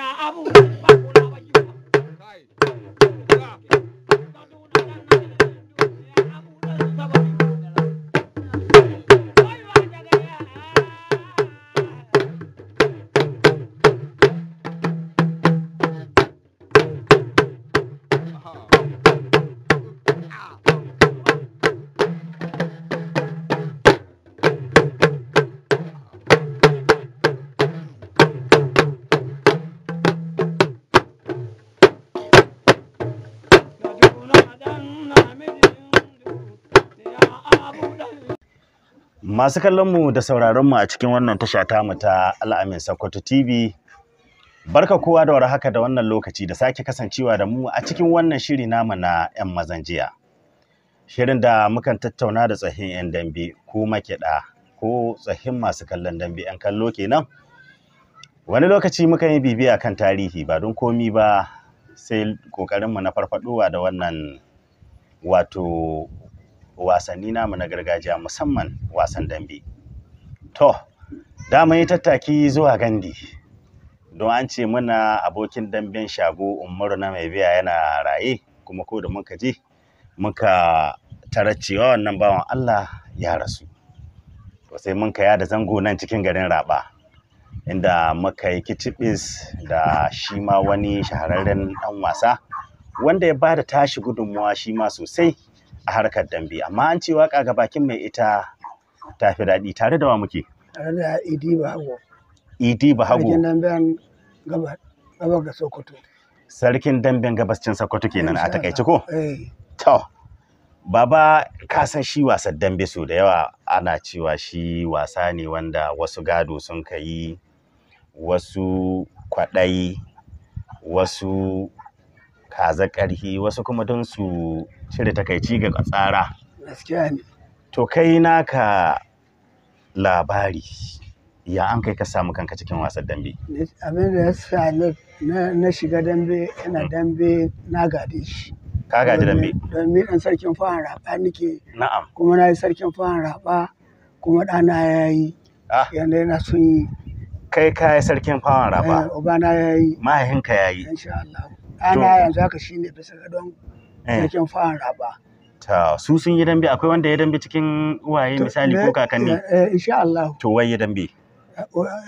abu Masu kallonmu da sauraronmu a cikin wannan tasha mu ta Al'amin Sokoto TV. Barka kowa da haka da wannan lokaci da sake kasancewa da mu a cikin wannan shiri namu na 'yan mazan jiya. Shirin da mukan tattauna da tsahin 'yan dambe ko makiɗa ko tsahin masu kallon dambe 'yan kallo kenan. Wani lokaci mukan yi bibiya kan tarihi ba don komi ba sai ƙoƙarinmu na farfaɗowa da wannan wato wasanni namu na gargajiya musamman wasan dambe to da mun yi tattaki zuwa gandi don an ce muna abokin damben shago umaru na mai biya yana raye kuma ko da muka je muka tarar cewa wannan bawan Allah ya rasu to sai mun kaya da zango nan cikin garin raba inda muka yi kicibis da shi ma wani shahararren ɗan wasa wanda ya ba da tashi gudunmuwa shi ma sosai a harkar dambe amma an ce waka ga bakin mai ita ta fi daɗi tare da wa muke tare da idi bahago idi sarkin damben gabas ga sokoto sarkin damben gabascin sokoto kenan a takaice ko eh. to baba ka san shi wasan dambe so da yawa ana cewa shi wasa ne wanda wasu gado sun ka yi wasu kwaɗayi wasu kaza ƙarfi wasu kuma don su cire takaici ga tsara gaskiya ne to kai naka labari ya an kai ka samu kanka cikin wasan dambe abin da ya sa na shiga dambe yana hmm. dambe na gade shi ka gaji dambe dambe dan sarkin fahan raba nake na'am kuma na yi sarkin fahan raba kuma ɗana ya yi ah. yanda yana sun yi kai ka yi sarkin fahan raba eh, ubana ya yi mahaifinka ya yi insha Allah ɗana yanzu haka shi ne bisa gadon eh. sarkin fara raba. Ta su sun yi dambe akwai wanda ya dambe cikin waye misali ko kakanni? Eh insha Allah. To wai ya dambe?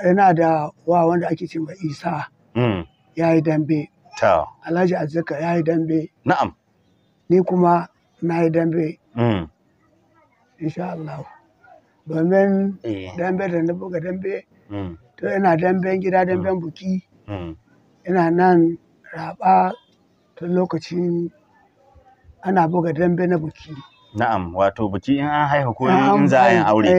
Yana eh, da wa wanda ake ce ma Isa. Hmm. Ya yi dambe. Ta. Alhaji Azzaka ya yi dambe. Na'am. Ni kuma na yi dambe. Hmm. Insha Allah. Domin eh. dambe da na buga dambe. Hmm. To ina damben gida damben buki. Ina nan raɓa ta lokacin ana buga dambe na buki. Na'am, wato buki in an haihu ko in za a yin aure.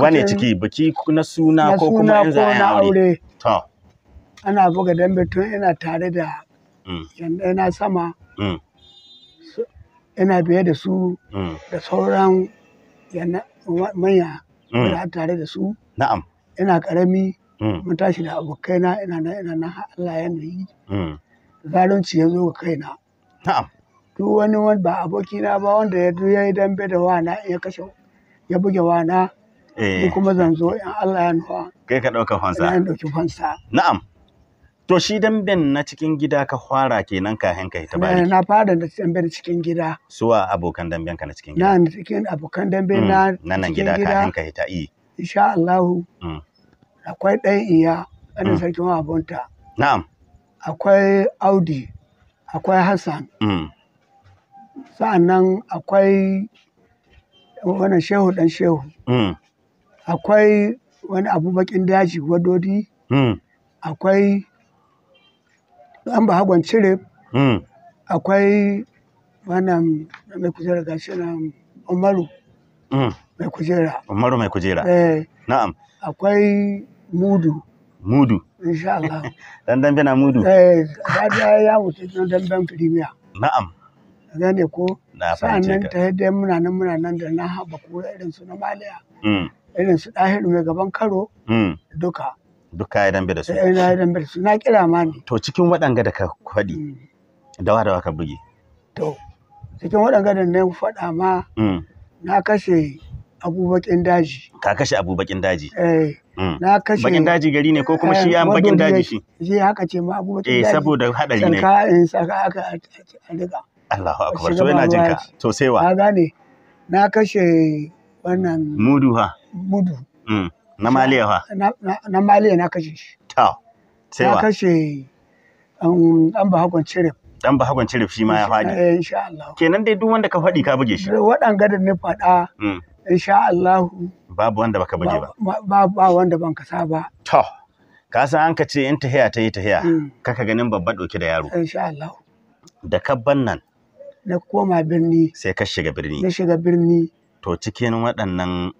Wane ciki buki na suna ko kuma in za a yin aure. To. Ana buga dambe tun ina tare da mm. yanda ina sama. Mm. Ina biye da su mm. da sauran manya. Ina tare da su. Na'am. Ina ƙarami. Mm. mun tashi da abokaina ina na ina nan Allah ya nuyi mm. zalunci ya zo ga kaina na'am to wani wani ba abokina ba wanda ya ya yi dambe da wana ya kashe ya buge wana ni eh. kuma zan zo in Allah ya nufa kai ka dauka fansa ina dauki fansa na'am to shi damben na cikin gida ka fara kenan kahin ka hita bari na fara da damben cikin gida suwa abokan damben ka na cikin gida na cikin abokan damben mm. na na nan gida ka ka hita i insha Allah akwai ɗan iya ɗan mm. sarkin abunta na'am akwai audi akwai hassan mm. sa'annan akwai wannan shehu ɗan shehu mm. akwai wani abubakin daji wadodi akwai ɗan hagon cire akwai wannan mai kujera shi nan umaru mai kujera umaru mai kujera eh na'am akwai Mudu. Mudu. Insha Allah. Dan dan bena mudu. Eh, hada ya wuce dan ban firimiya. Na'am. Gane ko? Na fahimce ka. ta yadda muna nan muna nan da na haba ko irin su na Maliya. Mm. Irin su Dahiru mai gaban Karo. Mm. Duka. Duka idan dambe da su. Eh, na dambe da su. Na kira ma ne. To cikin waɗanga da ka faɗi. Mm. Dawa dawa ka buge. To cikin waɗanga da na faɗa ma. Na kashe abubakin daji ka kashe abubakin daji eh mm. na kashe bakin daji gari ne ko kuma shi ya eh, bakin daji shi shi haka ce ma abubakin eh, daji eh saboda hadari ne saka in saka aka duka Allahu akbar to yana jinka to sai wa ka gane na kashe wannan mudu ha mudu mm. na maliya ha na maliya na kashe shi to sai wa na kashe um, an ba hakon cire. dan ba hakon cire shi ma ya faɗi eh insha Allah kenan dai duk wanda ka faɗi ka buge shi waɗanga da ni faɗa mm. insha Allah babu wanda baka buge ba ba ba wanda ban kasa ba to ka san an ka ce in tahiya ta yi tahiya mm. kaka ganin babba doki da yaro insha Allah da kabban nan na koma birni sai ka shiga birni na shiga birni to cikin waɗannan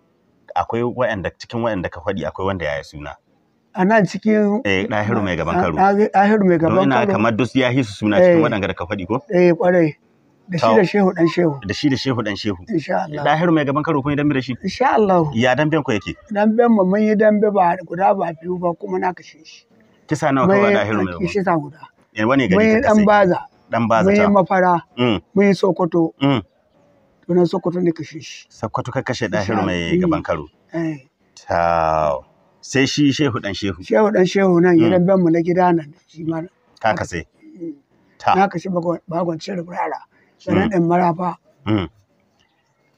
akwai waɗanda cikin waɗanda ka faɗi akwai wanda ya yi suna a nan cikin eh ɗahiru mai gaban karo ɗahiru mai gaban karo ina kamar duk ya su suna cikin eh. waɗanda ka faɗi ko eh ƙwarai da shi da shehu dan shehu da shi da shehu dan shehu insha Allah dahiru mai gaban karo kun yi dambe da shi insha Allah ya damben ku yake damben mu mun yi dambe ba guda ba biyu ba kuma na kashe shi kisa nawa kawai dahiru mai gaban kisa guda eh wani gari ta dan baza dan baza ta mun yi mafara mm. mun yi sokoto mm. to nan sokoto ne kashe shi sokoto ka kashe dahiru mai gaban karo eh taw sai shi shehu dan shehu shehu dan shehu nan ya mm. damben mu na gida nan shi ma ka kase ta na kashe bagon cin rara sharaɗin hmm. marafa hmm.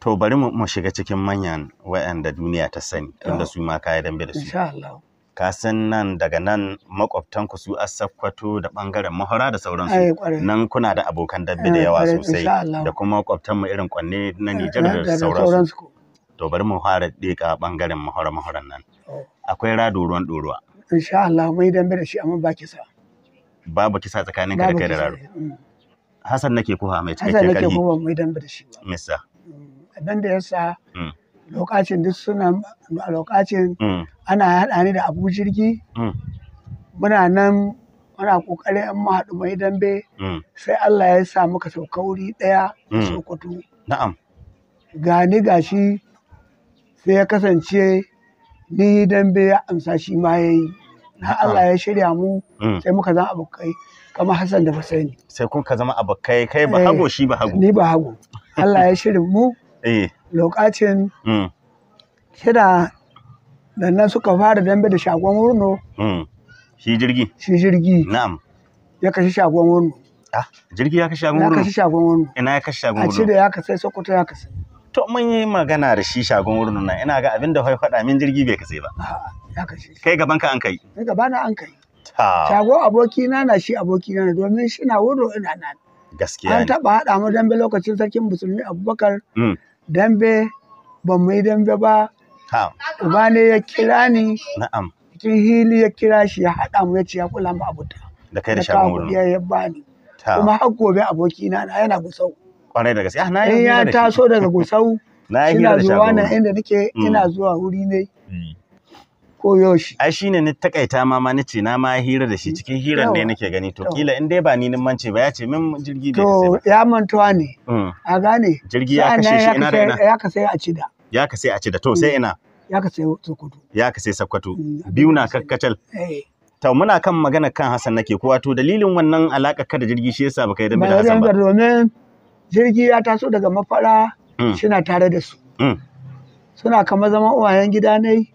to bari mu shiga cikin manyan wayanda duniya ta sani tunda su ma kaya dambe da su ka san nan daga nan makwabtan ku su asakwato da bangaren mahara da sauransu nan kuna da abokan dambe da yawa sosai da kuma makwabtan mu irin kwanne na eh, Nijar da eh, sauransu to bari mu fara dika bangaren mahara maharan nan oh. akwai rado ruwan doruwa insha Allah mai dambe da shi amma ba kisa babu kisa tsakanin ka da kai da rado eh, hmm. Hassan nake kufa mai take Hassan nake kufa mai dambe da shi Misa. Dan mm, da yasa mm. lokacin duk suna a lokacin mm. ana haɗa ni da abu jirgi muna nan muna kokarin in haɗu mai dambe sai Allah ya sa muka sauka wuri ɗaya a Sokoto. Na'am. Gani gashi sai ya kasance ni dambe ya amsa shi ma ya yi. Na Allah ya shirya mu sai muka zan abokai. kamar Hassan da Husaini sai kun ka zama abokai kai ba hago eh, shi ba hago ni ba hago Allah ya shirin mu eh. lokacin shida hmm. da nan suka fara dambe da shagon wurno hmm. shi jirgi shi jirgi na'am ya kashi shagon wurno ah, jirgi ya kashi shagon wurno ya kashi shagon wurno ina ya kashi shagon wurno a cire ya kasai sokoto ya kasai to mun yi magana da shi shagon wurno nan ina ga abin da fada min jirgi bai kasai ba ya kashi. kai gaban ka an kai kai gabana an kai shago abokina na shi abokina na domin shi na wuro ina nan gaskiya an taba haɗa mu dambe lokacin sarkin musulmi abubakar mm. dambe ban mu yi dambe ba uba ne ya kira ni na'am cikin hili ya kira shi ya haɗa mu ya ce ya kula mu abuta da kai da shagon wurin ya bani kuma har gobe abokina na yana gusau kwarai da gaskiya. ah na yi eh, ya taso daga gusau na yi hira da shagon ina mm. zuwa wuri ne mm. yoshi. ai shine ni takaita ma ma nace na ma hira da shi mm. cikin hiran da nake gani to kila in dai ba ni nin mance ba ya ce min jirgi da to ya mantuwa ne mm. a gane jirgi ya kashe shi ina da ina ya sai a cida ya sai a cida to mm. sai ina ya sai sokoto ya sai sokoto biyu na kakkatal eh. ta muna kan magana kan Hassan nake kuwa? To dalilin wannan alaka ka da jirgi shi yasa baka yi da Hassan ba domin jirgi ya taso daga mafara suna tare da su suna kama zama uwayen gida ne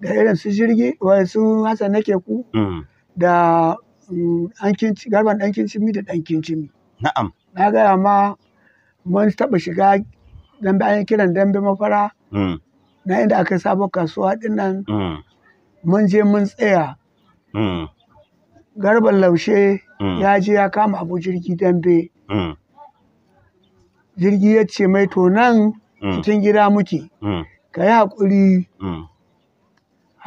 da irin su jirgi wai su Hassan na Keku mm. da mm, garban Ɗankin Cimi da Ɗankin Cimi. Na'am. Na gaya ma mun taɓa shiga dambe an kiran dambe mafara mm. na inda aka sabo kasuwa dinnan mun je mun tsaya. Garban laushe ya je ya kama abu jirgi dambe. Jirgi ya ce mai to nan cikin gida muke. Ka yi haƙuri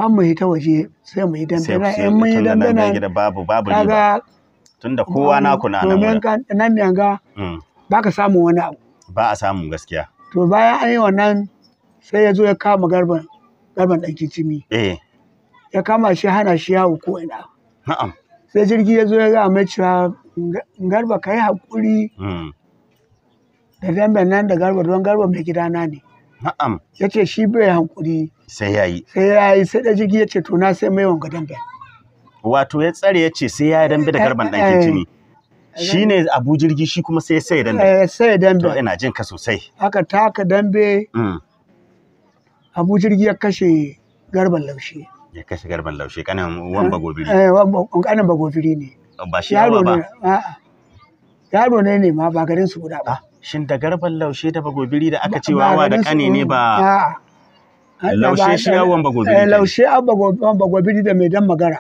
har mu yi ta waje sai mu yi dandana in mun yi dandana babu babu riba tunda kowa naku na nan domin ka nan ne ga mm. ba ka samu wani abu ba a samu gaskiya to bayan an yi wannan sai ya zo ya kama garban garban dan kicimi eh ya kama shi hana shi yawo ko ina na'am sai jirgi ya zo ya ga mai cewa garba kai hakuri mm. da dambe nan da garba don garba mai gidana ne Na'am. Ya ce shi bai hankuri. Sai ya yi. Sai ya yi sai da jigi ya ce to na sai mai wanga dambe. Wato ya tsare ya ce sai ya yi dambe da garban ɗan jini. Eh, eh, eh. Shi ne abu jirgi shi kuma sai ya sai dambe. Eh sai dambe. To ina jin ka sosai. Aka taka dambe. Mm. Abu jirgi ya kashe garban laushe. Ya kashe garban laushe kanin wan bagobiri. Eh kanin bagobiri ne. Ba shi yaro ba. Yaro ne ne ma ba garin su guda ba. Ah. shin da garban laushe da bagobiri da aka ce wawa da kane ne ba laushe shi yawon bagobiri eh, laushe a bagobiri da mai dan magara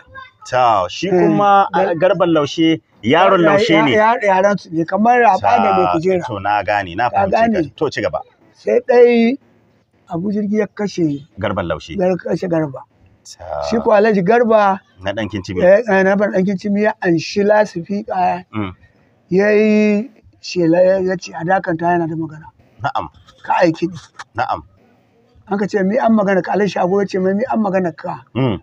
ta shi eh, kuma garban laushe yaron laushe ne yaron su ne kamar rafa da mai kujera to na gane na fahimci to ci gaba sai dai abu jirgi ya kashe garban laushe ya kashe garba shi ko alhaji garba na ɗankin cimiya eh, na ɗankin cimiya an shi lasifi mm. ya yi shela ya ce a dakanta yana da magana na'am ka aiki ne na'am an ka ce mi an magana ka alai shago ya ce mai mi an magana ka hmm.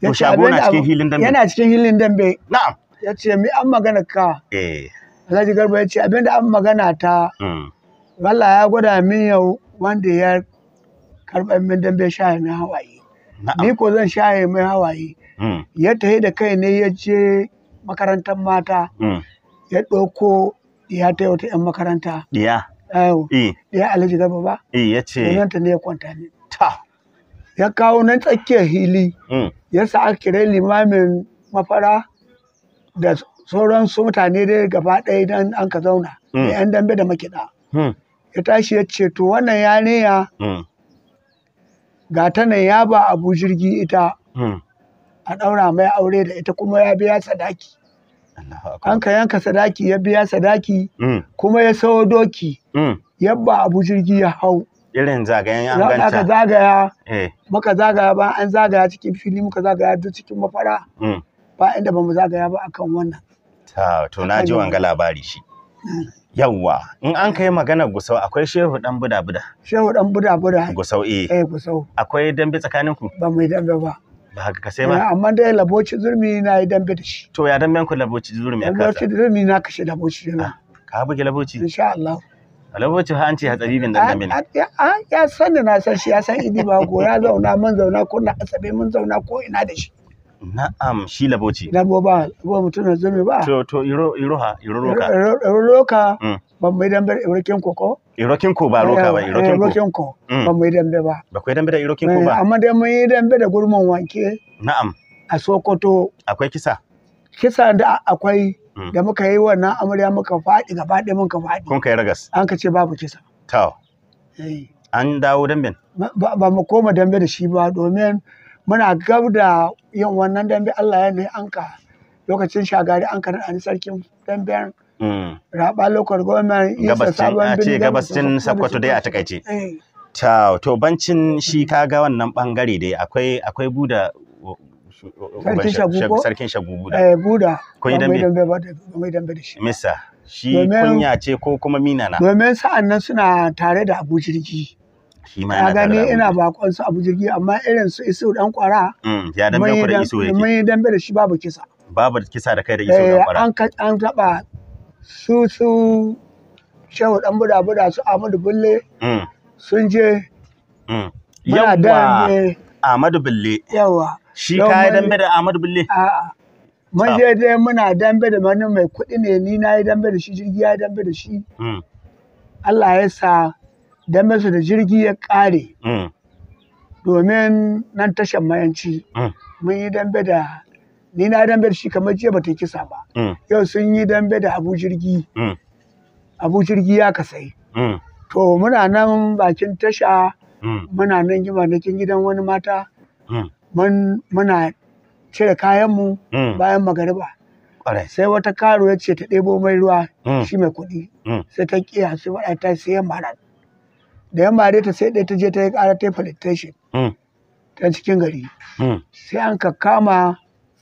ya ce abin cikin hilin dambe yana cikin hilin dambe na'am ya ce mi an magana ka eh Alhaji Garba ya ce abin da an magana ta hmm. Allah ya gwada min yau wanda ya karɓar min dambe shaye mai hawaye ni ko zan shaye mai hawaye hmm. ya tahi da kai ne ya je makarantar mata ya ɗauko Ya ta yau 'yan makaranta. Diya. Diya Alhaji Garba ba. ya ce. ne ya kwanta ne. Ta. Ya kawo nan tsakiyar hili. Mm. Ya sa aka kira limamin mafara da sauran su mutane dai gaba ɗaya dan an ka zauna. Da 'yan mm. dambe da makiɗa. Mm. Ya tashi ya ce to wannan ya ya. Ga ta nan ya ba abu jirgi ita. A ɗaura mai aure da ita kuma ya biya sadaki. an ka yanka sadaki ya biya sadaki mm. kuma ya sayo doki mm. yabba abu jirgi ya hau irin zagayen an ganta aka zagaya eh. muka zagaya ba an zagaya cikin fili muka zagaya duk cikin mafara mm. ba inda mu zagaya ba akan wannan ta to na ji wanga labari shi yawwa in an kai magana gusau akwai shehu dan buda buda shehu dan buda buda gusau eh eh gusau akwai dambe tsakaninku. ba mai dambe ba da haka ka sai ba eh, amma dai laboci zurmi na yi dambe da shi to ya damben ku laboci zurmi aka laboci zurmi na kashe laboci na ah, ka buge laboci insha Allah laboci ha an ce hatsabibin dan ah, dambe ne ah, ya san da na san shi ya san idi ba go ya zauna mun zauna ko na asabe mun zauna ko ina da shi Na'am shi labo ce. Labo ba, labo mutum na zumi ba. To to iro iroha, iroroka. Iroroka mm. ban mai dambe irokin ko ko? Irokin ko ba roka ba, irokin eh, eh, ko. Irokin ko mm. ban mai dambe ba. Ba kai dambe da irokin ko ba. Amma dai mai yi dambe da eh, gurman wanke. Na'am. A Sokoto. Akwai kisa. Kisa da akwai mm. da muka yi wannan amarya muka faɗi gaba ɗaya muka faɗi. Kun kai ragas. An ka ce babu kisa. To. An dawo damben. Ba mu koma dambe da shi ba domin muna gab da yin wannan dambe Allah ya ne anka lokacin shagari an kana an sarkin damben hmm. raba lokar gwamnati isa sabon bin gabacin sakkwato dai a takaice eh. ta to bancin shi kaga wannan bangare dai akwai akwai buda sarkin Shagu da eh buda kun yi dambe ba mai dambe da shi misa shi kunya ce ko kuma mina na domin sa'an nan suna tare da jirgi. ka gani ina bakon su abu jirgi amma irin su isu dan kwara mm, ya dambe da isu yake mun dambe da shi babu kisa babu kisa da kai da isu dan kwara eh, an an taba su su shehu dan buda buda su Ahmadu Bulle mm. sun je mm. yawa Ahmadu Bulle yawa shi ka dambe da Ahmadu Bulle a'a mun je dai muna dambe da wani mai kuɗi ne ni na yi dambe da shi jirgi ya dambe da shi Allah ya sa don masu da jirgi ya ƙare mm. domin nan tashar mayanci mm. mun yi dambe da ni na dambe da shi kamar jiya bata kisa ba mm. yau sun yi dambe da abu jirgi abu jirgi ya kasai to muna nan bakin tasha muna nan gima na gidan wani mata muna cire kayanmu bayan magariba sai wata karo ya ce ta ɗebo mai ruwa shi mai kuɗi sai ta ƙiya sai waɗa ta sayan maran da yan mare ta sai ɗaya ta je ta yi ƙara ta police hmm. ta cikin gari hmm. sai an ka kama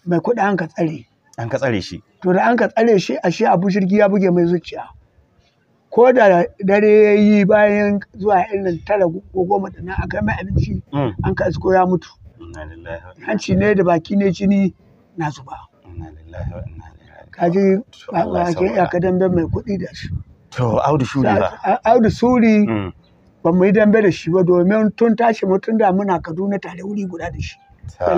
mai kuɗi an ka tsare an ka tsare shi to da an ka tsare shi ashe abu shirgi ya buge mai zuciya ko da dare ya yi bayan zuwa irin tara ko goma da na aka mai abinci hmm. an ka isko ya mutu hanci ne da baki ne jini na zuba kaji ba ke iyaka dambe mai kuɗi da shi to audu shuri ba audu suri ba mu yi dambe da shi ba domin tun tashi mutum tun da muna Kaduna tare wuri guda da shi.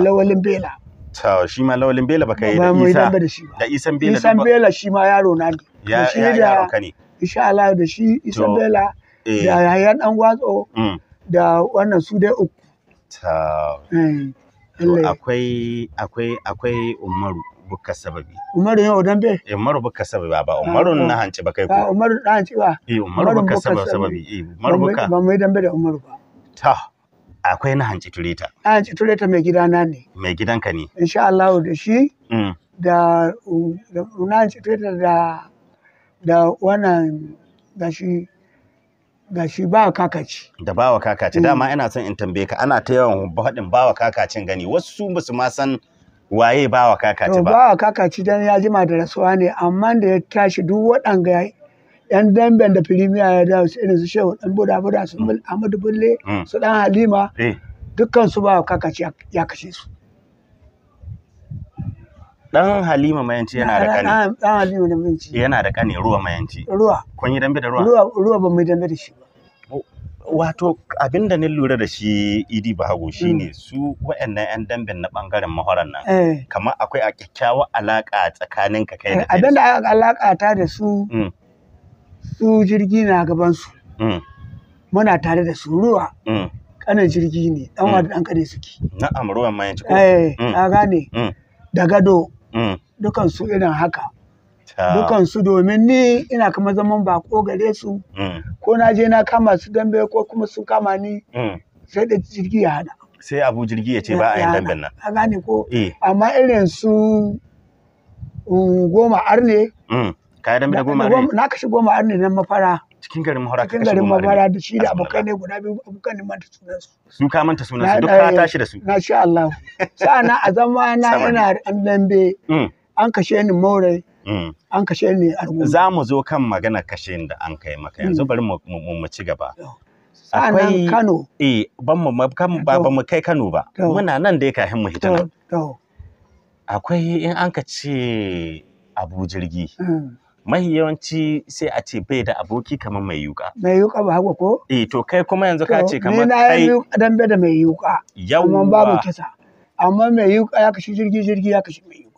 Lawalin Bela. To shi ma Lawalin Bela ka yi da Isa. da ba. Da Isan Bela. Isan Bela shi ma yaro na ne. Ya yaro ka ne. Insha Allah da shi Isan Bela. Eh. Da yayan dan watso. Mm. Da wannan su dai uku. Eh, to. Akwai akwai akwai Umaru. bukka sababi umaru yau dambe eh umaru bukka sababi ba umaru ah, na ah. hanci ba kai ko ah, umaru na hanci ba eh umaru bukka sababi eh umaru bukka ba mai dambe da umaru ba ta akwai na hanci tureta na hanci tureta mai gidana ne mai gidanka ne insha Allah da shi mm. da na hanci tureta da da wannan gashi ga shi bawa kakaci. Da bawa kakaci dama mm. ina son in tambaye ka ana ta yawan faɗin bawa kakacin gani wasu ba su ma san waye ba kaka ci ba kaka ci dan ya jima da rasuwa ne amma da ya tashi duk waɗanga yan damben da firimiya ya dawo su irin su shehu dan buda buda su mm. amadu bulle mm. su dan halima eh. dukkan su kaka ci ya kashe su dan halima mayanci yana da kane dan halima mayanci yana da kane ruwa mayanci ruwa kun yi dambe da ruwa ruwa ba mu dambe da shi wato abin da ni lura da shi idi bahago mm. shine su wa'annan yan dambin na bangaren mahoran nan eh. kamar akwai a kyakkyawar alaka tsakanin ka kai da eh, abin da alaka ta da su mm. su jirgi na gaban su mm. muna tare da su ruwa kanan jirgi ne dan wa dan kare suke na'am ruwan mayanci ko eh ka gane da gado dukan su irin haka dukansu domin ni ina kama zaman bako gare su mm. ko na je na kama su dambe ko kuma sun kama ni mm. sai da jirgi ya hada sai abu jirgi ya ce ba a yin dambe nan a gane ko eh. amma irin su mm, goma arne Kaya dambe da goma arne na kashi goma arne nan mafara cikin garin mahara cikin garin mafara da shi da abokai ne guda biyu abokan ne manta sunan su su ka manta sunan su duk ka eh, tashi da su na sha Allah sa'ana a zama na ina dambe an kashe ni maurai Mm. an kashe ni rubutu. za mu zo kan magana kashe da an kai maka yanzu mm. bari mu ci gaba akwai Kano eh ban mu ba mu kai Kano ba muna nan dai kafin mu hita akwai in an ka ce abu jirgi mm. mahi yawanci sai a ce bai da aboki kamar mai yuka. Mai yuka ba haka ko? Eh to kai kuma yanzu ka ce kamar kai. Ni na yi dambe da mai yuka. Yawwa. Kuma babu kisa. Amma mai yuka ya kashi jirgi jirgi ya kashi mai yuka.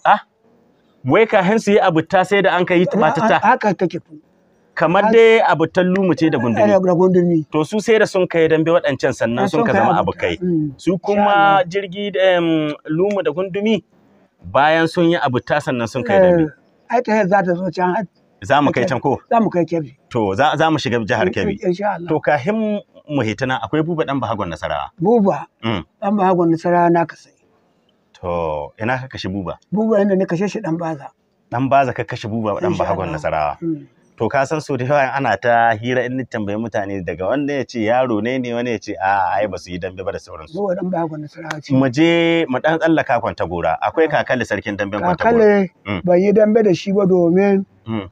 wai ka hansu yi abutta sai da an ka yi batata haka ku kamar dai abutan lumu ce da gundumi to su sai da sun kai dambe waɗancan sannan sun ka zama kai, mm. su kuma jirgi lumu da gundumi bayan sun yi abuta sannan sun kai dambe eh, ai ta za ta zo can za mu kai can ko za mu kai kebbi to za mu shiga jihar kebbi to kahin mu hitana akwai buba dan bahagon nasara. buba dan mm. bahagon nasara na kasai To, ina ka kashe buba? Buba inda ne kashe shi dan baza. Dan baza ka kashe buba dan bahagon nasarawa. Mm. To ka san so da yawa ana ta hira in tambayi mutane daga wanda ya ce yaro ne ne wani ya ce a ai ba su yi dambe ba da sauransu. Buba dan bahagon nasarawa ce. Mu je mu dan tsallaka kwanta gora. Akwai mm. kakale sarkin damben kwanta gora. Kakale mm. bai yi dambe da shi ba domin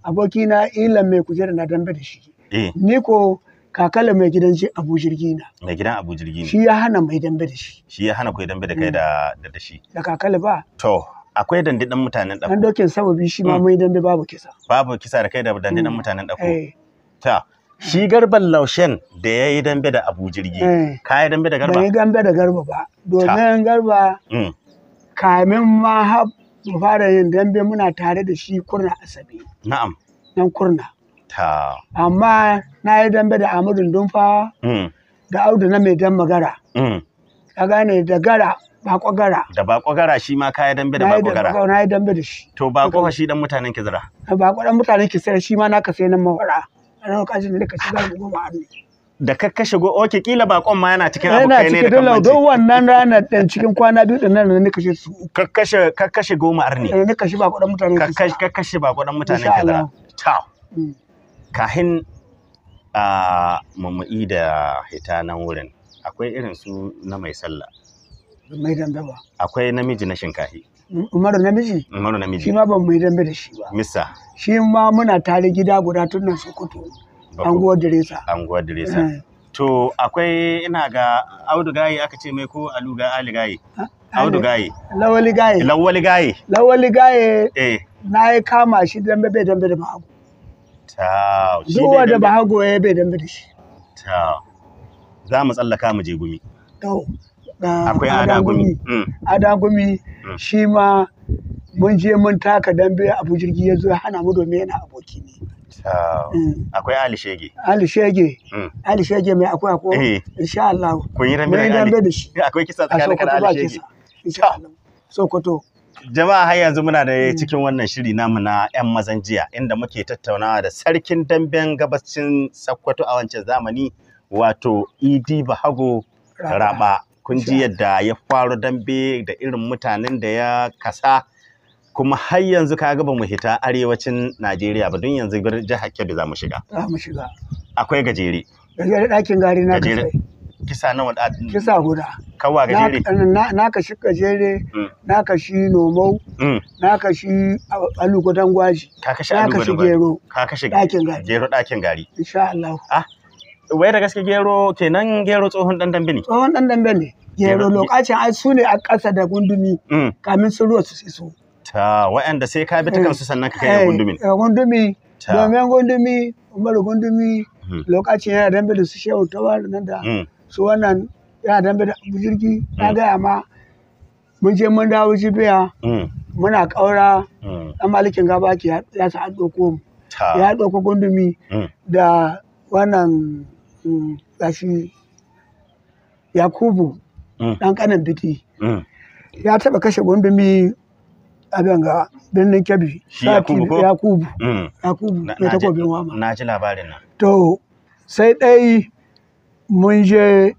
abokina ilan mai kujera na dambe da shi. Eh. Ni ko kakala mai gidan je abu jirgi na mai gidan abu jirgi ne shi ya hana mai dambe da shi shi ya hana kai dambe da kai mm. da da shi da kakala ba to akwai dandidan mutanen dako dan dokin sababi shi ma mm. mai dambe babu kisa babu kisa da kai da dandidan mm. mutanen dako eh. ta shi garban laushen da ya yi dambe da abu jirgi eh. ka yi dambe da garba? Ban yi dambe da garba ba domin garba kamin ma mu fara yin dambe muna tare da shi kurna asabe na'am nan kurna amma na yi dambe da amudun dumfawa mm. da audu na mai dan magara mm. ka gane da gara bako gara da bako gara shi ma ka dambe da bako gara na yi dambe da shi to bako shi dan mutanen zira. bako dan mutanen sai shi ma na ka sai nan mawara a nan da ka shiga da goma arni da kakkashe kashe go oke kila bakon ma yana cikin abokai ne da cikin mace don wannan rana dan cikin kwana biyu din nan ne kashe su ka kashe goma arni eh, ne kashe bako dan mutanen ka kashe bako dan mutanen kaza ta kahin a mama'i da hita nan wurin akwai irin su na mai sallah mai akwai namiji na shinkahi umaru namiji umaru namiji shi ma ban mai dambe da shi ba misa shi ma muna tare gida guda tun nan sokoto anguwar diresa anguwar diresa eh. to akwai ina ga audu gayi aka ce mai ko aluga ali gayi audu gayi lawali gayi lawali gayi lawali gayi eh na yi kama shi dambe bai dambe da babu duk wanda ba hago ya bai dambe da shi za mu tsallaka mu je gumi akwai adagumi gumi mm. mm. shi ma mun je mun taka dambe abu jirgi ya zo ya hana mu domin yana aboki ne mm. akwai ali shege ali shege ali shege mai akwai ako eh. insha Allah kun yi dambe da shi akwai kisa tsakanin ali shege insha Allah sokoto jama'a har yanzu muna da hmm. cikin wannan shiri namu na 'yan mazan jiya inda muke tattaunawa da sarkin damben gabacin sakkwato a wancan zamani wato idi bahago raba kun ji yadda ya faro dambe da irin mutanen da ya kasa kuma har yanzu ka gaba mu hita arewacin najeriya ba don yanzu jihar kebbi za mu shiga akwai gajere gajere ɗakin gari na kasai. kisa nawa da kisa guda kawa gajere na kashi gajere mm. na kashi nomau mm. na kashi alugudan gwaji ka kashi alugudan gero ka kashi dakin gari gero dakin gari insha Allah ah wai da gaske gero kenan gero tsohon dan dambe ne tsohon dan dambe ne gero lokacin ai su ne a ƙasa da gundumi mm. kamin su ruwa su iso ta waɗanda sai ka bi ta eh. kansu sannan ka kai eh, eh, gundumi gundumi domin gundumi umar gundumi lokacin yana dambe da su shehu tawar nan da su wannan yana dambe da jirgi na mm. gaya ma mun je mun dawo jibiya mm. muna ƙaura mm. ɗan malikin gaba ya sa an ɗauko ya ɗauko gundumi da wannan gashi yakubu ɗan ƙanan biki ya taɓa kashe gundumi abin ga birnin kebbi yakubu yakubu na ji labarin nan to sai ɗai mun je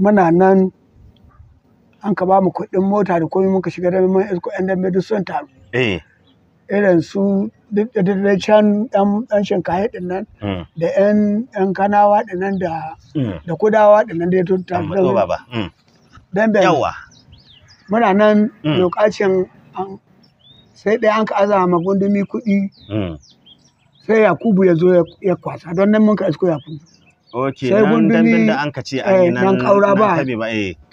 muna nan an ka ba mu kuɗin mota da komai muka shiga dambe mun isko ɗan dambe duk sun taru eh. irin su da can ɗan shinkaye ɗin nan hmm. da ɗan yan kanawa ɗin nan da hmm. da kudawa ɗin nan da ya tunta dambe yawa muna nan hmm. lokacin sai ɗaya an ka aza ma gundumi kuɗi sai yakubu ya zo ya kwasa don nan mun ka isko yakubu Okay, sai gundumi da an kace a yi eh, nan kaura ba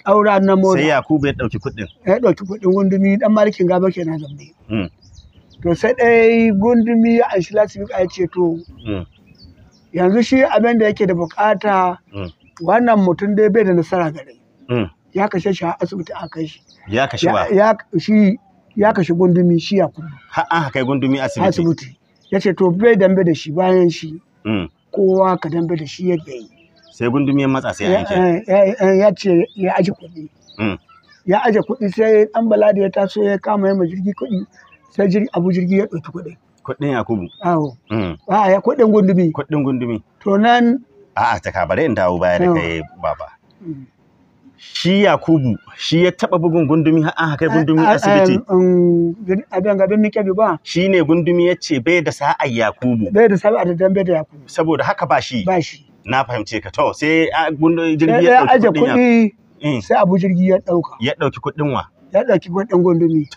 kaura eh. na mota sai yakubu ya dauki kudin ya dauki kudin gundumi dan malikin gaba kenan zambe hmm. to sai dai gundumi ya anshi lasibi ka ce to hmm. yanzu shi abin da yake da bukata hmm. wannan mutum dai bai da nasara gare ya kashe shi a asibiti a kai shi ya kashe wa ya kashe gundumi shi yakubu Ha an kai gundumi asibiti asibiti ya ce to bai dambe da shi bayan shi kowa ka dambe da shi yadda yi sai gundumi ya matsa sai an ya ce ya aje kuɗi hmm. ya aje kuɗi sai bala da ya taso ya kama yamma jirgi kuɗi sai jirgi abu jirgi ya ɗauki kuɗi kuɗin yakubu awo hmm. a ya kuɗin gundumi kuɗin gundumi to nan a'a ta kabare in dawo baya da kai baba hmm. shi Yakubu shi ya taba bugun gundumi har an kai gundumi eh, eh, asibiti a danga don nike ba shi ne gundumi ya ce bai da sa'a Yakubu bai da sa'a da bai da Yakubu saboda haka ba shi ba shi na fahimce ka to sai gundumi jirgi ya dauki kuɗi eh. sai abu jirgi ya dauka ya dauki kudin wa ya dauki kudin gundumi